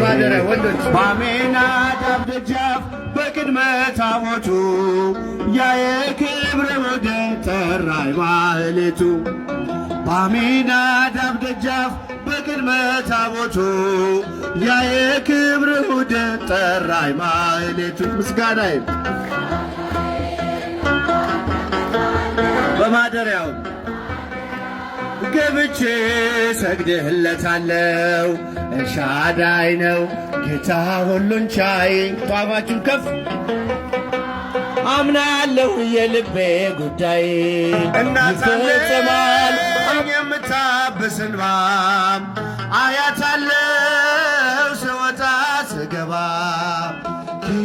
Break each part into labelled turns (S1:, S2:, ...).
S1: ባሜና
S2: ዳብ ደጃፍ በቅድመ ታቦቱ ያየክብረ መውደድ ጠራይ ማህሌቱ ባሜና ዳብ ደጃፍ በቅድመ ታቦቱ ያየክብረ መውደድ ጠራይ ማህሌቱ
S1: ምስጋናዬ በማደሪያው
S2: ገብቼ ሰግድህለታለው። እሻዳይ ነው ጌታ ሁሉን ቻይ።
S1: ጧፋችን ከፍ
S2: አምናለሁ የልቤ ጉዳይ እናጸልማል የምታብስንባም አያታለው ስወጣ ስገባ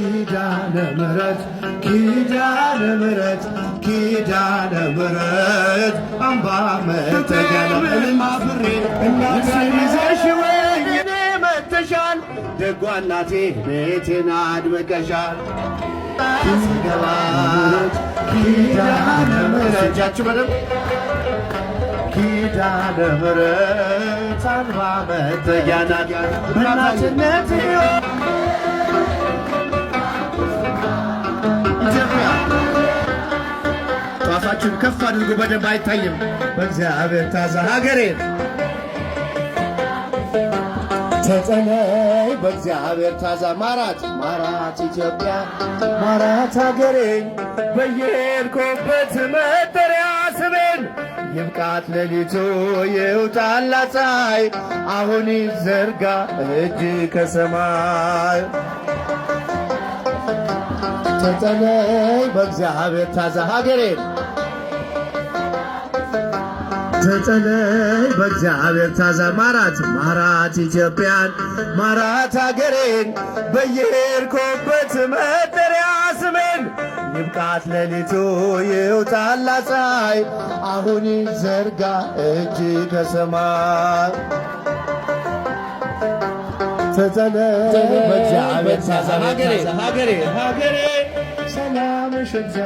S2: ኪዳነ ምሕረት ኪዳነ ምሕረት ኪዳነ ምሕረት አምባ መጠጊያ እኔማ ፍሬ ይዘሽ ወኝ መተሻል ደጓ እናቴ ቤቴን አድምቀሻል ስገባ ኪዳነ ምሕረት
S1: እጃችሁ በደንብ
S2: ኪዳነ ምሕረት አምባ መጠጊያ ናት በእናትነት
S1: ድምፃችሁን ከፍ አድርጎ በደንብ አይታይም። በእግዚአብሔር ታዛ ሀገሬ
S2: ተጠለይ፣ በእግዚአብሔር ታዛ ማራት፣ ማራት ኢትዮጵያ፣ ማራት ሀገሬ በየሄድኩበት መጠሪያ ስሜን ይብቃት ሌሊቱ ይውጣላ ፀሐይ፣ አሁን ይዘርጋ እጅ ከሰማይ ተጠለይ በእግዚአብሔር ታዛ ሀገሬን ተጠለይ በእግዚአብሔር ታዛ ማራት ማራት ኢትዮጵያን ማራት አገሬን በየሄድኮበት መጠሪያ ስሜን ይብቃት ሌሊቱ ይውጣላ ፀሐይ አሁን ዘርጋ እጅ ከሰማይ ተጠለይ በእግዚአብሔር ታዛ
S1: ሀገሬ ሀገሬ
S2: ሀገሬ ሸጃ